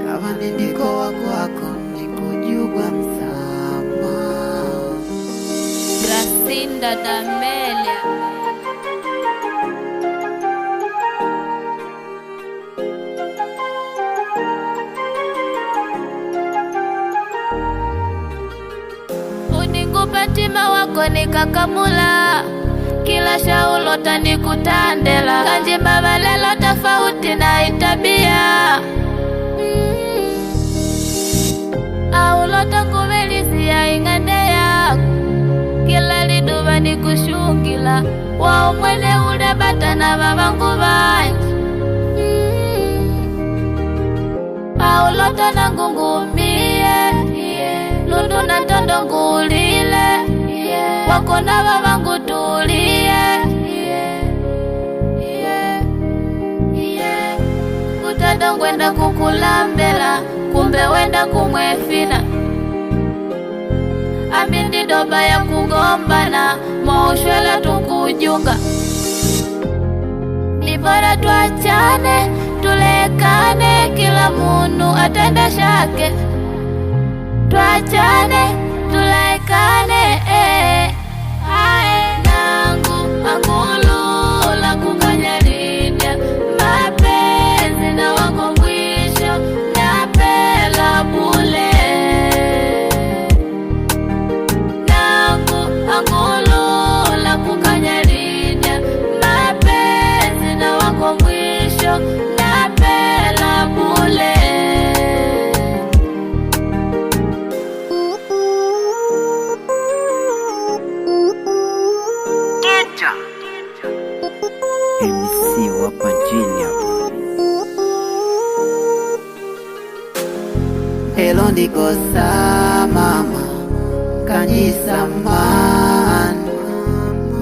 Kama nindiko wa kwako nikujuba msamaha. Grasinda Damelia unikupatima wako nikakamula kila shaulo tanikutandela kanje baba lelo tofauti na itabia mm. aulo tanguvelisiya ing'ande yako kila liduva nikushungila waumwene ulebata na vavangu vanji mm. aulo tona ngungumie lundu na tondo ngulile yeah. na vavangu tulile kumbe wenda kumwefina amindi doba ya kugombana maushwela tukujunga nibora bora twachane tulekane kila munu atenda shake twachane Chacha MC Wapa Junior. Elo ndiko saa mama kanisa mana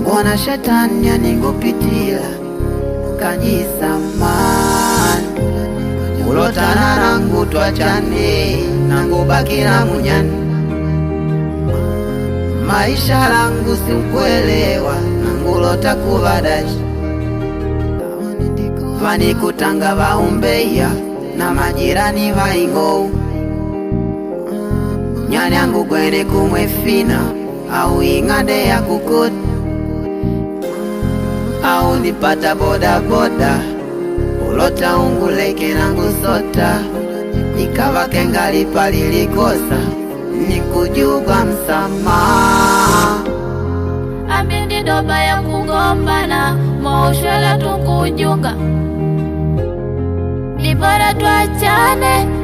mbona shetani anigupitia kanisa mana kulotana nangu twachane nangu baki munyani maisha langu simkuelewa angulota kuvadaci vanikutanga vaumbeya na majirani vaingou nyani angu gwene kumwe fina au ing'ande ya kukoti au nipata bodaboda ulota unguleke ngusota nikava nikavake ngalipalilikosa nikujugwa msamaha Dhambi doba ya kugombana, maushwela tukujunga, ni bora tuachane.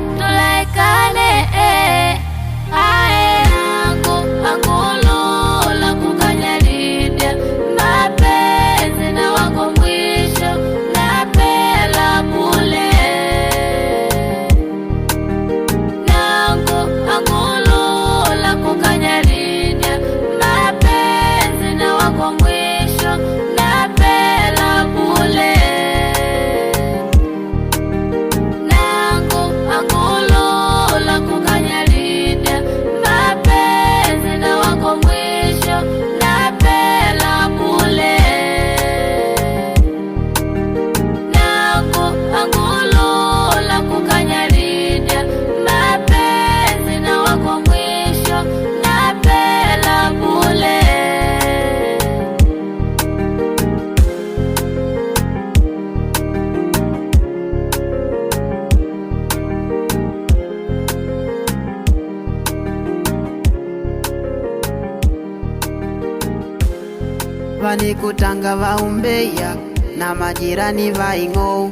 vanikutanga vaumbeya na majirani vaing'ou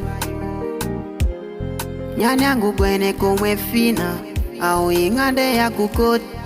nyanyangu gwene kumwe fina au ing'ande ya kukoti